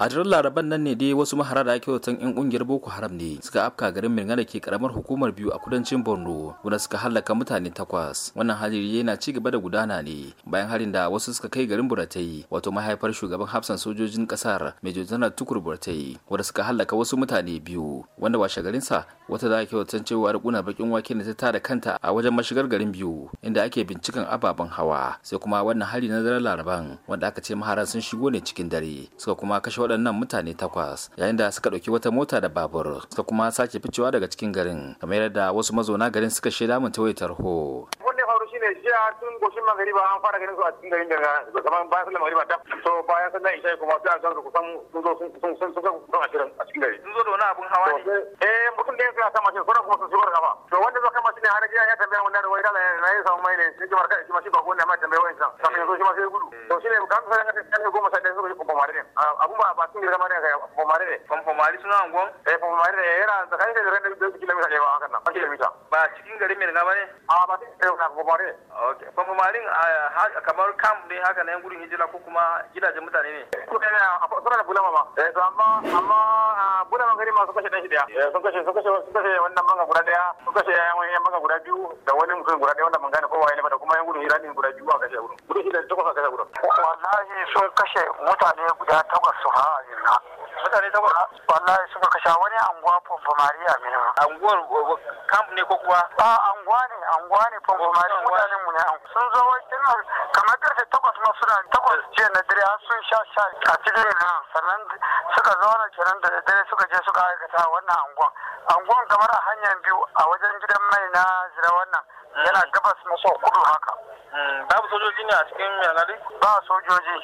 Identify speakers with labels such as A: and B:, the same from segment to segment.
A: a jirar laraban nan ne dai wasu mahara da ake watan yan kungiyar boko haram ne suka afka garin mirna da ke karamar hukumar biyu a kudancin borno wanda suka hallaka mutane takwas wannan hali yana ci gaba da gudana ne bayan harin da wasu suka kai garin buratai wato mahaifar shugaban hafsan sojojin kasar major general tukur buratai wanda suka hallaka wasu mutane biyu wanda washe garinsa wata da ake watan cewa rikunar bakin wake ne ta tada kanta a wajen mashigar garin biyu inda ake binciken ababen hawa sai kuma wannan hali na zarar laraban wanda aka ce maharan sun shigo ne cikin dare suka kuma kashe waɗannan mutane takwas yayin da suka ɗauki wata mota da babur suka kuma sake ficewa daga cikin garin kamar yadda wasu mazauna garin suka shaida mun ta wayar tarho.
B: shine jiya tun goshin magariba an fara ganin su a cikin garin daga zaman bayan sallar magariba ta so bayan sallar isha kuma sai an san kusan sun zo sun sun sun kusan a cikin gari. Sun zo da wani abun hawa ne. Eh mutum da ya sa sama shi sauran kuma sun shigar gaba da har gida ya tambaya wannan da wai da na yi samu mai ne shi kuma kai shi ma shi ba gona ma tambaya wai san kafin zo shi ma sai gudu to shi ne kan sai ka kai goma sai da su ko pomare ne abu ba ba sun girma ne ga pomare ne kan ko pomare suna an gon eh ko pomare ne yana da kai da ran da kilomita ne ba kan nan kilomita ba cikin gari mai gaba ne a ah, ba sai cikin eh, garin pomare ne okay ko pom pomare ah, kamar camp ne haka ne gurin hijira ko kuma gidajen mutane ne ko kana a fara bulama ba eh to amma amma bulama bangare ma sun shi daya eh, sun kashe sun kashe sun kashe wannan banga guda daya sun kashe yan banga guda biyu da wani mutum guda daya wanda mun kowa ya da kuma yan gudun hira guda biyu a kashe gudu gudun hira takwas a kashe gudu wallahi sun kashe mutane guda takwas su ha
C: yanzu mutane takwas wallahi suka kashe wani anguwa pomfamari a mina anguwar camp ne ko kuwa a anguwa ne anguwa ne pomfamari mutanen mu ne sun zo wajen kamar karfe kuma suna takwas jiya na dare har sun sha sha a cikin miliyan sannan suka zauna kiran da dare suka je suka aikata wannan angon, angon kamar a hanyar biyu a wajen gidan mai na zira wannan yana hmm. gabas maso kudu haka hmm. babu sojoji ne a cikin yanari ba sojoji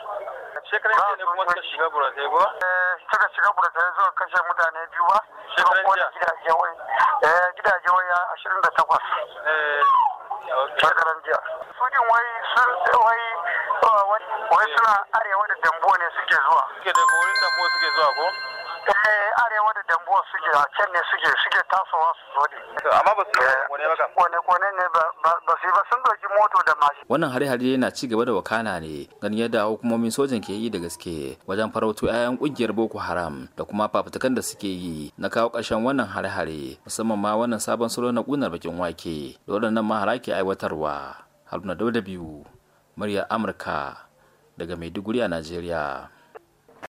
C: shekaran jiya ne kuma suka shiga buratai ba eh, suka shiga buratai zuwa kashe mutane biyu ba shekaran jiya gidaje wai eh, ashirin da takwas eh, shekaran jiya sojin wai sun wai wai suna arewa da dambuwa ne suke zuwa suke daga wurin dambuwa suke zuwa ko eh arewa da dambuwa suke a can ne suke suke
A: tasowa su zo ne amma ba su kone eh, ba kone kone ne ba su ba sun doki moto da mashin wannan hare-hare yana ci gaba da wakana ne ganin yadda hukumomin sojan ke yi da gaske wajen farauto 'ya'yan kungiyar boko haram da kuma fafutukan da suke yi na kawo ƙarshen wannan hare-hare musamman ma wannan sabon salo na ƙunar bakin wake da waɗannan mahara ke aiwatarwa haruna dauda biyu murya amurka daga maiduguri a najeriya